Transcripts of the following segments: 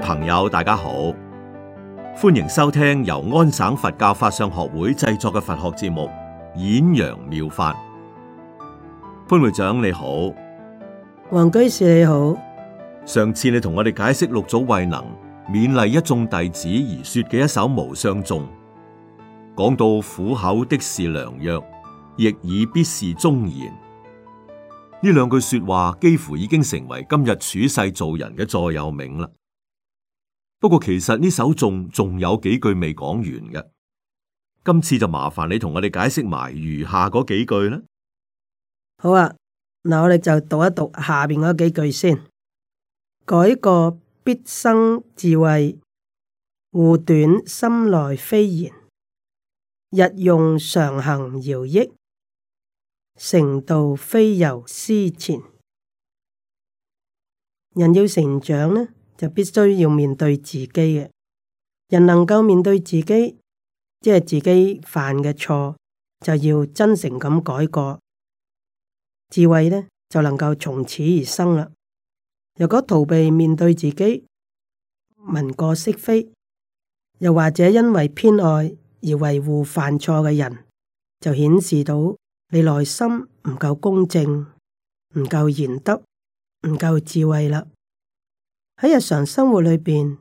朋友，大家好，歡迎收聽由安省佛教法相學會製作嘅佛學節目《演揚妙法》。潘會長你好，黃居士你好。上次你同我哋解釋六祖慧能勉勵一眾弟子而說嘅一首《無相頌》，講到苦口的是良藥，逆耳必是忠言。呢兩句說話幾乎已經成為今日處世做人嘅座右銘啦。不過其實呢首仲仲有幾句未講完嘅，今次就麻煩你同我哋解釋埋餘下嗰幾句啦。好啊，嗱，我哋就讀一讀下邊嗰幾句先。改過必生智慧，護短心內非賢；日用常行饒益，成道非由施錢。人要成長呢？就必須要面對自己嘅人，能夠面對自己，即係自己犯嘅錯，就要真誠咁改過，智慧呢，就能夠從此而生啦。如果逃避面對自己，文過飾非，又或者因為偏愛而維護犯錯嘅人，就顯示到你內心唔夠公正，唔夠賢德，唔夠智慧啦。喺日常生活裏邊，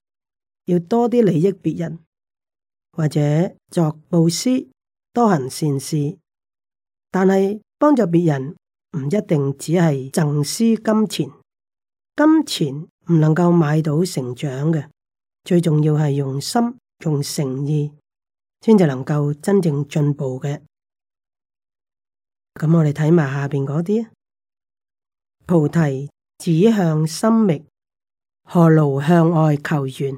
要多啲利益別人，或者作布施，多行善事。但係幫助別人唔一定只係贈施金錢，金錢唔能夠買到成長嘅。最重要係用心、用誠意，先至能夠真正進步嘅。咁我哋睇埋下邊嗰啲菩提指向心覓，何勞向外求玄？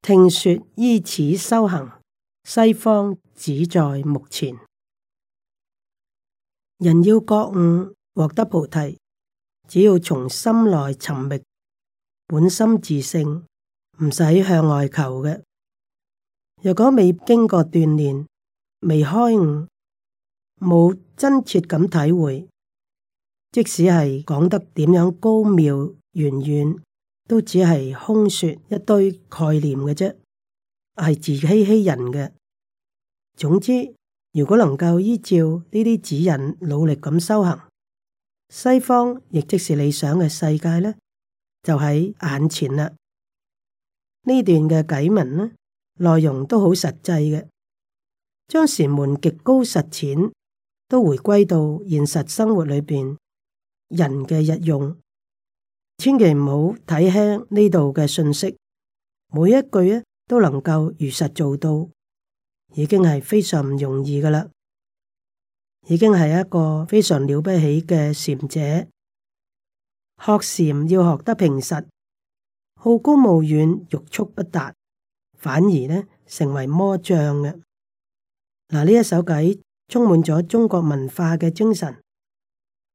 聽說依此修行，西方只在目前。人要覺悟，獲得菩提，只要從心內尋覓本心自性，唔使向外求嘅。若果未經過鍛煉，未開悟，冇真切咁體會，即使係講得點樣高妙玄遠，都只係空說一堆概念嘅啫，係自欺欺人嘅。總之，如果能夠依照呢啲指引努力咁修行，西方亦即是理想嘅世界呢，就喺眼前啦。呢段嘅偈文呢，內容都好實際嘅，將禪門極高實踐都回歸到現實生活裏邊人嘅日用。千祈唔好睇輕呢度嘅信息，每一句咧都能夠如實做到，已經係非常唔容易㗎喇，已經係一個非常了不起嘅禪者。學禪要學得平實，好高騖遠、欲速不達，反而呢成為魔障嘅。嗱，呢一首偈充滿咗中國文化嘅精神，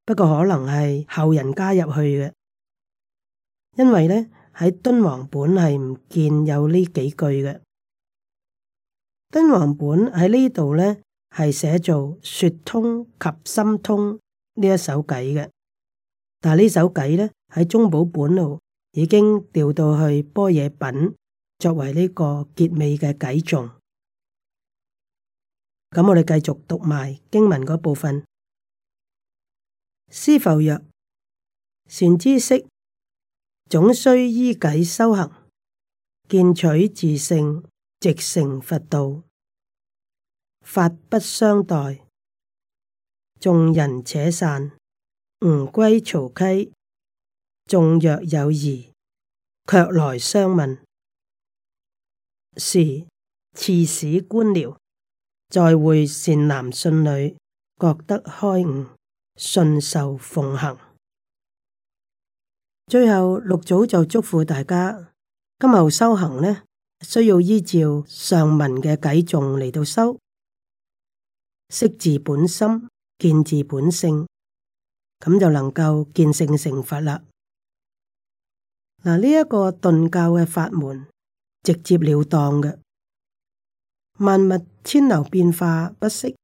不過可能係後人加入去嘅。因為呢喺敦煌本係唔見有呢幾句嘅，敦煌本喺呢度呢，係寫做「說通及心通」呢一首偈嘅，但係呢首偈呢，喺宗寶本度已經調到去般若品作為呢個結尾嘅偈頌。咁我哋繼續讀埋經文嗰部分，師復曰，善知識，總須依偈修行，見取自性，直成佛道。法不相待，眾人且散，吾歸曹溪。眾若有疑，卻來相問。時刺史官僚，在會善男信女，各得開悟，信受奉行。最後六祖就囑咐大家，今後修行呢，需要依照上文嘅偈頌嚟到修，識自本心，見自本性，咁就能夠見性成佛啦。嗱，呢一個頓教嘅法門，直接了當嘅，萬物千流變化不息，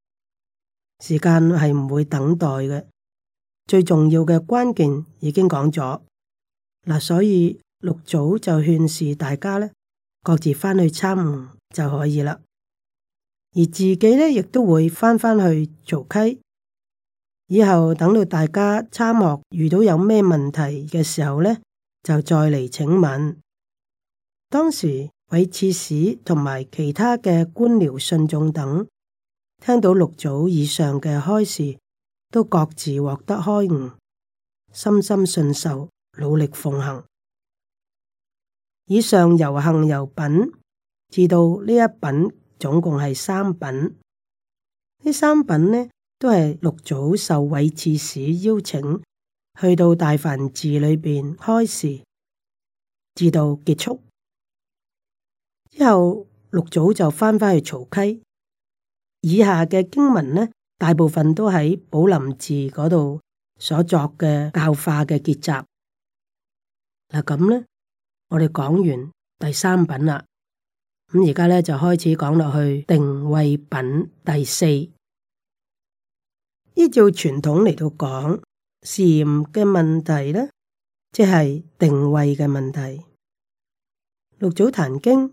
時間係唔會等待嘅，最重要嘅關鍵已經講咗。嗱、啊，所以六祖就勸示大家呢，各自翻去參悟就可以啦。而自己呢，亦都會翻翻去曹溪。以後等到大家參悟遇到有咩問題嘅時候呢，就再嚟請問。當時韋刺史同埋其他嘅官僚信眾等，聽到六祖以上嘅開示，都各自獲得開悟，深深信受。努力奉行。以上由行由品，至到呢一品總共係三品。呢三品呢，都係六祖受韋刺史邀請去到大梵寺裏邊開示，至到結束。之後，六祖就翻返去曹溪。以下嘅經文呢，大部分都喺寶林寺嗰度所作嘅教化嘅結集。嗱，咁呢，我哋講完第三品啦，咁而家咧就開始講落去定慧品第四。依照傳統嚟到講禪嘅問題呢，即係定慧嘅問題。六祖壇經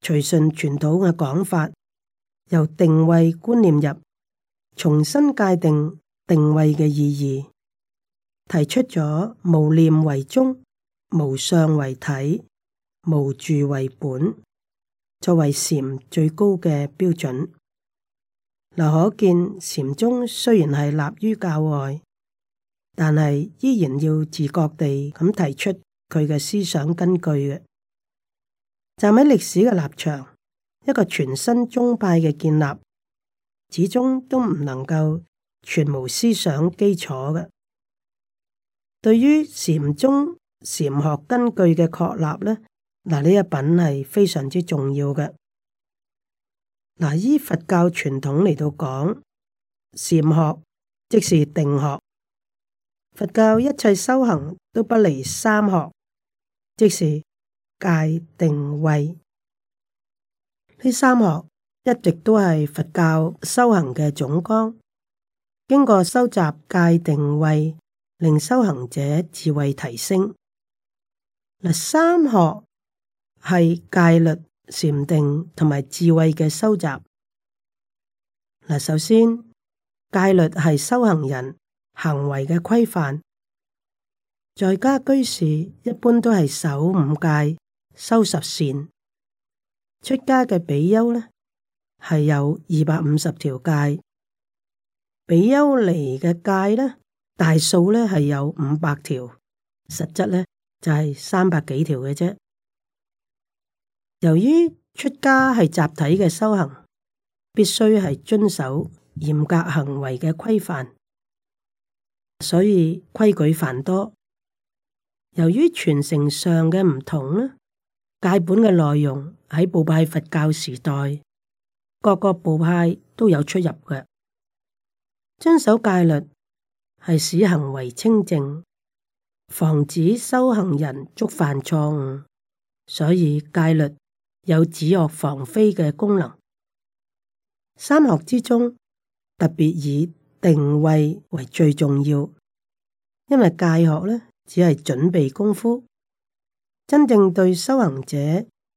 隨順傳統嘅講法，由定慧觀念入，重新界定定慧嘅意義，提出咗無念為宗，無相為體，無住為本，作為禪最高嘅標準。嗱，可見，禪宗雖然係立於教外，但係依然要自覺地咁提出佢嘅思想根據嘅。站喺歷史嘅立場，一個全新宗派嘅建立，始終都唔能夠全無思想基礎嘅。對於禪宗，禪學根據嘅確立呢，嗱呢一品係非常之重要嘅。嗱，依佛教傳統嚟到講，禪學即是定學。佛教一切修行都不離三學，即是戒、定、慧。呢三學一直都係佛教修行嘅總綱。經過收集戒、定、慧，令修行者智慧提升。三學係戒律、禪定同埋智慧嘅收集。嗱，首先戒律係修行人行為嘅規範，在家居士一般都係守五戒，修十善；出家嘅比丘呢，係有二百五十條戒，比丘尼嘅戒呢，大數呢係有五百條，實質呢，就係三百幾條嘅啫。由於出家係集體嘅修行，必須係遵守嚴格行為嘅規範，所以規矩繁多。由於傳承上嘅唔同啦，戒本嘅內容喺部派佛教時代，各個部派都有出入嘅。遵守戒律係使行為清淨。防止修行人觸犯錯誤，所以戒律有止惡防非嘅功能。三學之中，特別以定位為最重要，因為戒學呢只係準備功夫，真正對修行者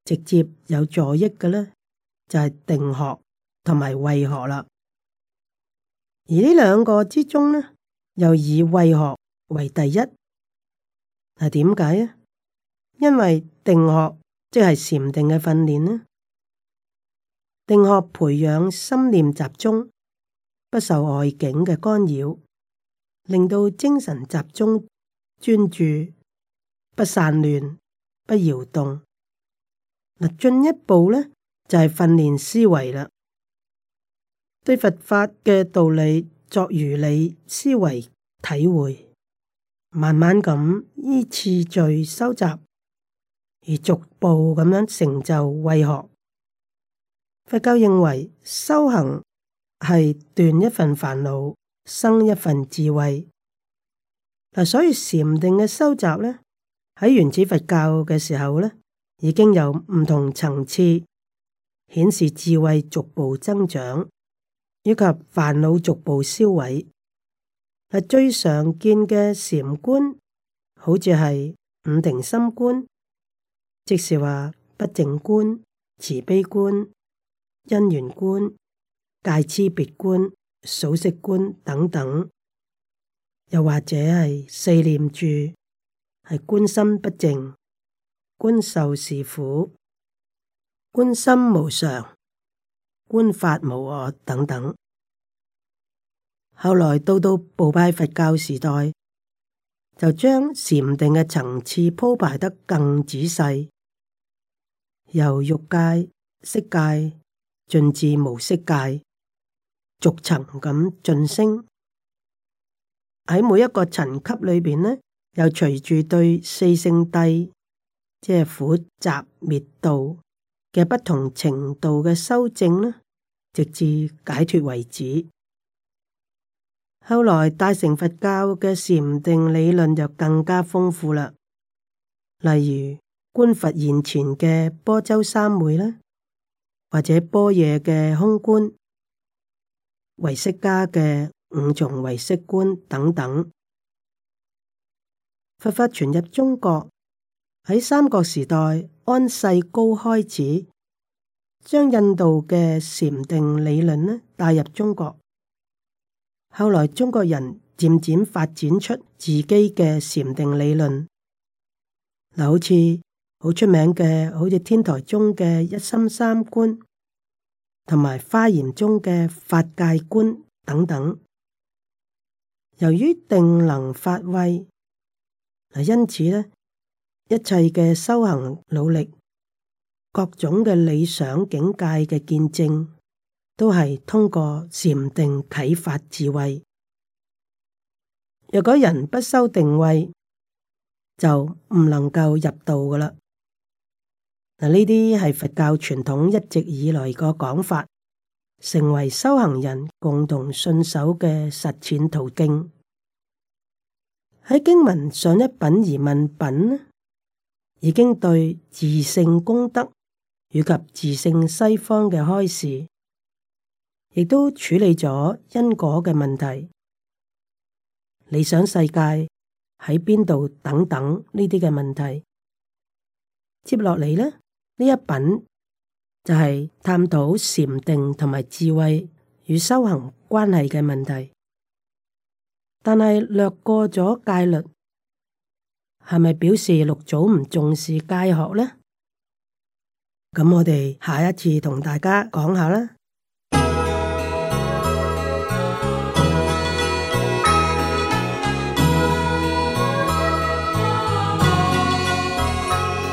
直接有助益嘅呢，就係、是、定學同埋慧學啦。而呢兩個之中呢，又以慧學為第一。嗱，點解啊？因為定學即係禪定嘅訓練咧，定學培養心念集中，不受外境嘅干擾，令到精神集中專注，不散亂不搖動。嗱，進一步呢，就係訓練思維啦，對佛法嘅道理作如理思維體會。慢慢咁依次序收集，而逐步咁樣成就慧學。佛教認為修行係斷一份煩惱，生一份智慧。嗱，所以禪定嘅收集呢，喺原始佛教嘅時候呢，已經有唔同層次顯示智慧逐步增長，以及煩惱逐步消毀。係最常見嘅禪觀，好似係五停心觀，即是話不淨觀、慈悲觀、因緣觀、界差別觀、數息觀等等，又或者係四念住，係觀心不淨、觀受是苦、觀心無常、觀法無我等等。後來到到部派佛教時代，就將禪定嘅層次鋪排得更仔細，由欲界、色界，進至無色界，逐層咁晉升。喺每一個層級裏邊咧，又隨住對四聖諦，即係苦、集、滅、道嘅不同程度嘅修正咧，直至解脫為止。後來大乘佛教嘅禪定理論就更加豐富啦，例如觀佛現前嘅般舟三昧啦，或者般若嘅空觀、唯識家嘅五重唯識觀等等。佛法傳入中國喺三國時代，安世高開始將印度嘅禪定理論呢帶入中國。後來中國人漸漸發展出自己嘅禪定理論，嗱，好似好出名嘅，好似天台宗嘅一心三觀，同埋華嚴宗嘅法界觀等等。由於定能發慧，嗱，因此咧，一切嘅修行努力，各種嘅理想境界嘅見證。都係通過禪定啟發智慧。若果人不修定位，就唔能夠入道㗎喇。嗱，呢啲係佛教傳統一直以來個講法，成為修行人共同信守嘅實踐途徑。喺經文上一品疑問品，已經對自性功德以及自性西方嘅開示。亦都處理咗因果嘅問題、理想世界喺邊度等等呢啲嘅問題。接落嚟呢，呢一品就係探討禪定同埋智慧與修行關係嘅問題。但係略過咗戒律，係咪表示六祖唔重視戒學呢？咁我哋下一次同大家講下啦。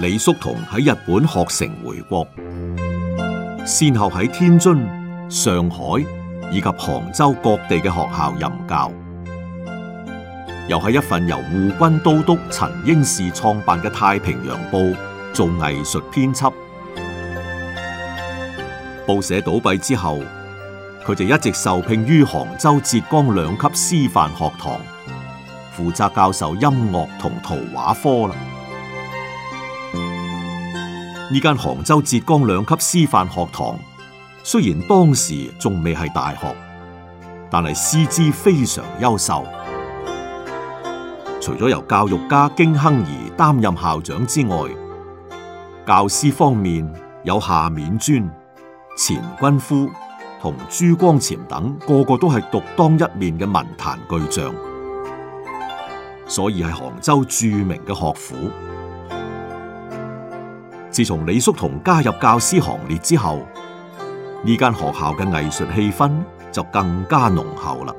李叔同喺日本學成回國，先後喺天津、上海以及杭州各地嘅學校任教，又喺一份由滬軍都督陳英士創辦嘅《太平洋報》做藝術編輯。報社倒閉之後，佢就一直受聘於杭州浙江兩級師範學堂，負責教授音樂同圖畫科啦。呢間杭州浙江兩級師範學堂雖然當時仲未係大學，但係師資非常優秀。除咗由教育家經亨頤擔任校長之外，教師方面有夏丏尊、錢均夫同朱光潛等，個個都係獨當一面嘅文壇巨匠，所以係杭州著名嘅學府。自從李叔同加入教師行列之後，呢間學校嘅藝術氣氛就更加濃厚啦。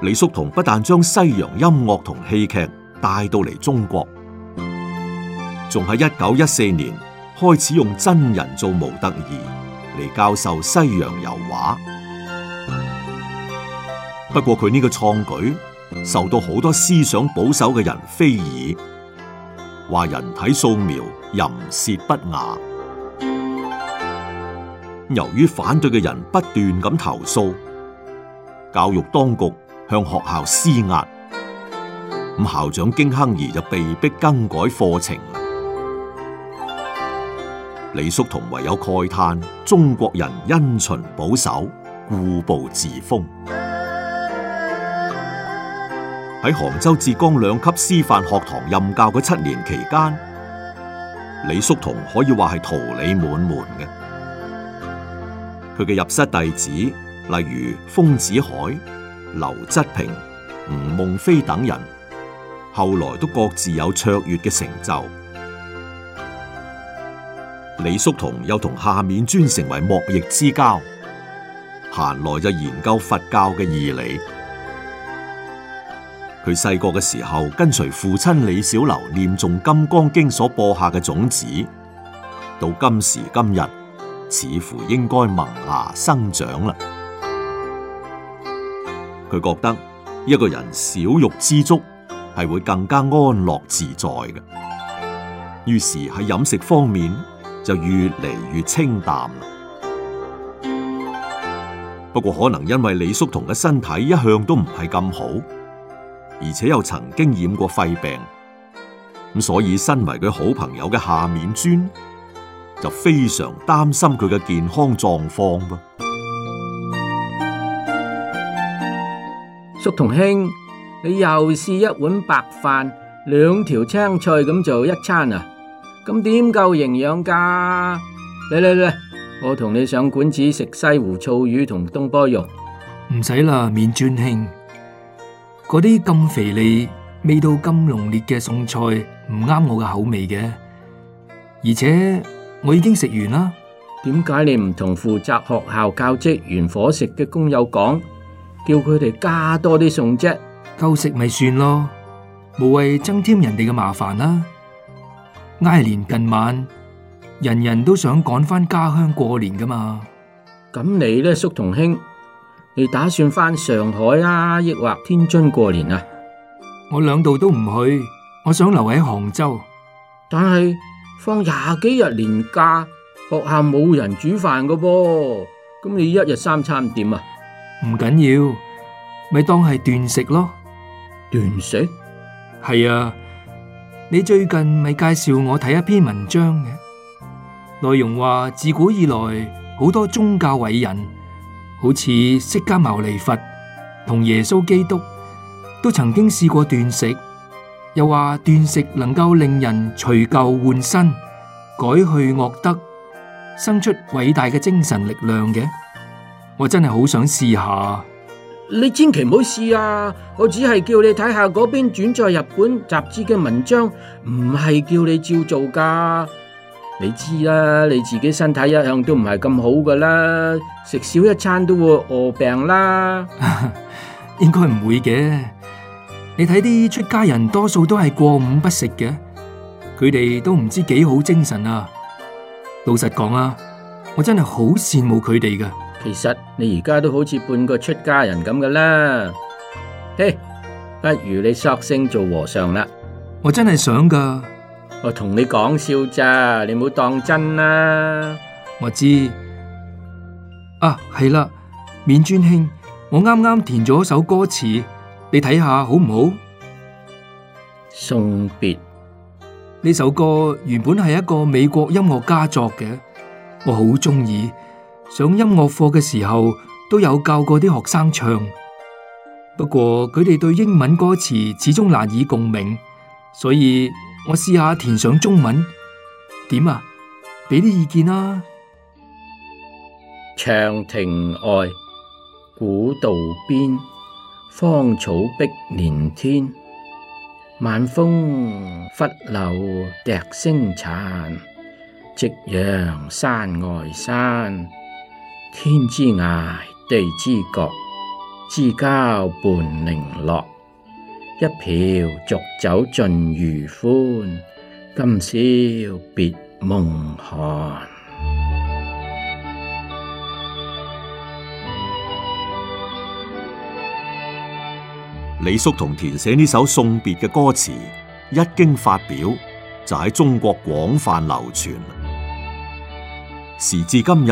李叔同不但將西洋音樂同戲劇帶到嚟中國，仲喺一九一四年開始用真人做模特兒嚟教授西洋油畫。不過佢呢個創舉受到好多思想保守嘅人非議。話人體素描淫褻不雅，由於反對嘅人不斷咁投訴，教育當局向學校施壓，咁校長經亨頤就被迫更改課程。李叔同唯有慨嘆：中國人因循保守，固步自封。喺杭州、浙江兩級師範學堂任教嗰七年期間，李叔同可以話係桃李滿門嘅。佢嘅入室弟子，例如豐子愷、劉質平、吳夢非等人，後來都各自有卓越嘅成就。李叔同又同夏丏尊成為莫逆之交，閒來就研究佛教嘅義理。佢細個嘅時候跟隨父親李小樓念誦《金剛經》所播下嘅種子，到今時今日，似乎應該萌芽生長啦。佢覺得一個人少欲知足係會更加安樂自在嘅，於是喺飲食方面就越嚟越清淡啦。不過可能因為李叔同嘅身體一向都唔係咁好。而且又曾經染過肺病，咁所以身為佢好朋友嘅夏丏尊就非常擔心佢嘅健康狀況噃。叔同兄，你又試一碗白飯、兩條青菜咁做一餐啊？咁點夠營養噶？嚟嚟嚟，我同你上館子食西湖醋魚同東坡肉，唔使啦，丏尊兄。嗰啲咁肥膩、味道咁濃烈嘅餸菜，唔啱我嘅口味嘅，而且我已經食完啦。點解你唔同負責學校教職員伙食嘅工友講，叫佢哋加多啲餸啫，夠食咪算咯，無謂增添人哋嘅麻煩啦。挨年近晚，人人都想趕返家鄉過年噶嘛。咁你呢，叔同兄？你打算返上海啦、啊，抑或天津過年啊？我兩度都唔去，我想留喺杭州。但係放廿幾日年假，學校冇人煮飯嘅噃，咁你一日三餐點啊？唔緊要，咪當係斷食咯。斷食？係啊，你最近咪介紹我睇一篇文章嘅，內容話自古以來好多宗教偉人。好似釋迦牟尼佛同耶穌基督都曾經試過斷食，又話斷食能夠令人除舊換新，改去惡德，生出偉大嘅精神力量嘅。我真係好想試下，你千祈唔好試啊！我只係叫你睇下嗰篇轉載日本雜誌嘅文章，唔係叫你照做㗎。你知啦，你自己身體一向都唔係咁好噶啦，食少一餐都會餓病啦。 應該唔會嘅，你睇啲出家人多數都係過午不食嘅，佢哋都唔知幾好精神啊！老實講啊，我真係好羨慕佢哋噶。其實你而家都好似半個出家人咁噶啦，嘿、hey，不如你索性做和尚啦！我真係想噶。我同你講笑咋，你唔好當真啦。我知啊，係啦，面尊兄，我啱啱填咗一首歌詞，你睇下好唔好？送別。呢首歌原本係一個美國音樂家作嘅，我好中意，上音樂課嘅時候都有教過啲學生唱，不過佢哋對英文歌詞始終難以共鳴，所以。我試下填上中文，點啊？畀啲意見啦、啊。長亭外，古道邊，芳草碧連天。晚風拂柳笛聲殘，夕陽山外山。天之涯，地之角，知交半零落。一瓢濁酒盡餘歡，今宵別夢寒。李叔同填寫呢首送別嘅歌詞，一經發表就喺中國廣泛流傳。時至今日，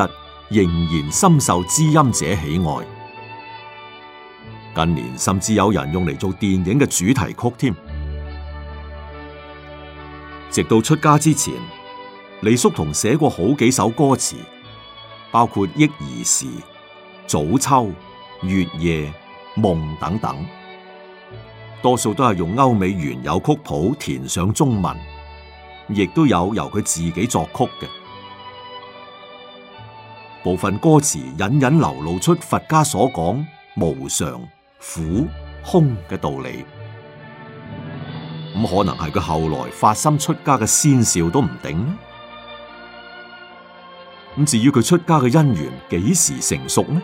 仍然深受知音者喜愛。近年甚至有人用嚟做電影嘅主題曲添。直到出家之前，李叔同寫過好幾首歌詞，包括憶兒時、早秋、月夜、夢等等，多數都係用歐美原有曲譜填上中文，亦都有由佢自己作曲嘅。部分歌詞隱隱流露出佛家所講無常。苦空嘅道理，咁可能係佢後來發心出家嘅先兆都唔定。咁至於佢出家嘅因緣幾時成熟呢？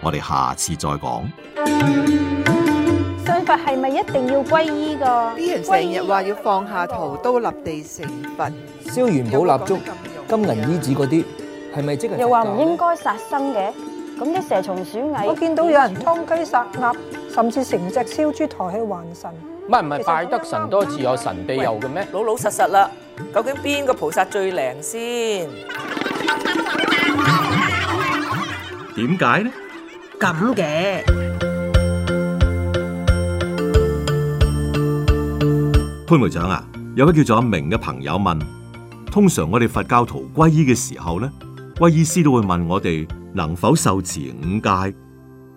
我哋下次再講。信佛係咪一定要皈依㗎？啲人成日話要放下屠刀立地成佛，燒元寶、蠟燭、金銀衣紙嗰啲，係咪即係又話唔應該殺生嘅？咁啲蛇蟲鼠蟻，我見到有人劏雞殺鴨，甚至成隻燒豬抬起還神。唔係唔係，拜得神多自有神庇佑嘅咩？老老實實啦，究竟邊個菩薩最靈先？點解呢？咁嘅潘會長啊，有位叫做阿明嘅朋友問，通常我哋佛教徒皈依嘅時候呢，皈依師都會問我哋。能否受持五戒？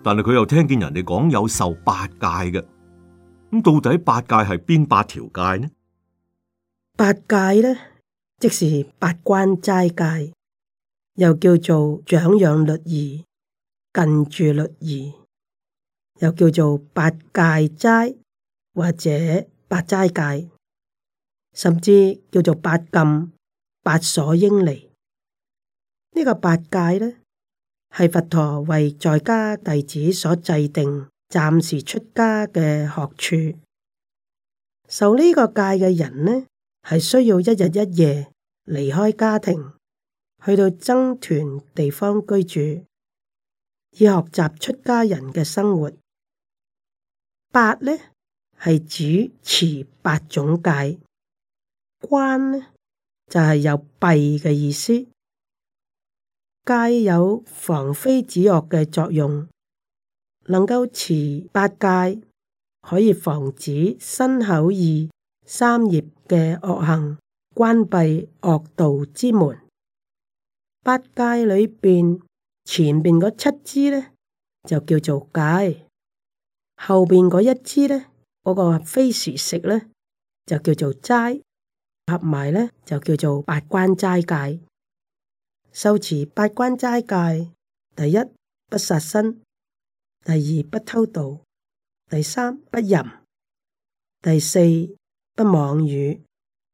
但係佢又聽見人哋講有受八戒嘅，咁到底八戒係邊八條戒呢？八戒呢，即是八關齋戒，又叫做長養律儀、近住律儀，又叫做八戒齋或者八齋戒，甚至叫做八禁、八所應離。呢、這個八戒呢？係佛陀為在家弟子所制定暫時出家嘅學處，受呢個戒嘅人呢，係需要一日一夜離開家庭，去到僧團地方居住，以學習出家人嘅生活。八呢係主持八種戒，關呢就係、是、有閉嘅意思。戒有防非止惡嘅作用，能夠持八戒，可以防止身口意三業嘅惡行，關閉惡道之門。八戒裏邊前邊嗰七支呢，就叫做戒；後邊嗰一支呢，嗰、嗰個非時食呢，就叫做齋，合埋呢，就叫做八關齋戒。受持八關齋戒：第一不殺生，第二不偷盜，第三不淫，第四不妄語，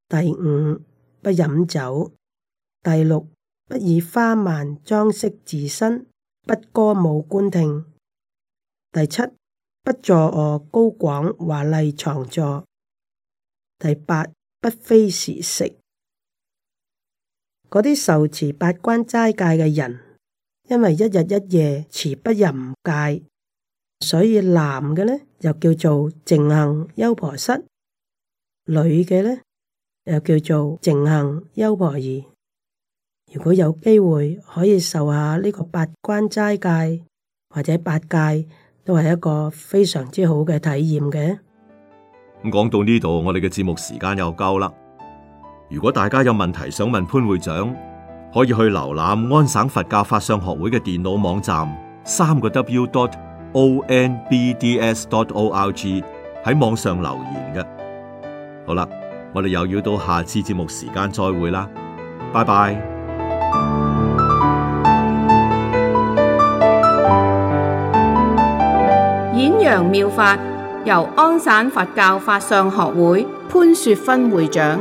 第五不飲酒，第六不以花蔓裝飾自身，不歌舞觀聽，第七不坐臥高廣華麗床座，第八不非時食。嗰啲受持八關齋戒嘅人，因為一日一夜持不淫戒，所以男嘅呢又叫做淨行優婆塞，女嘅呢又叫做淨行優婆夷。如果有機會可以受下呢個八關齋戒或者八戒，都係一個非常之好嘅體驗嘅。咁講到呢度，我哋嘅節目時間又夠啦。如果大家有問題想問潘會長，可以去瀏覽安省佛教法相學會嘅電腦網站，三個 W dot O N B D S dot O R G 喺網上留言嘅。好啦，我哋又要到下次節目時間再會啦，拜拜。演揚妙法，由安省佛教法相學會潘雪芬會長。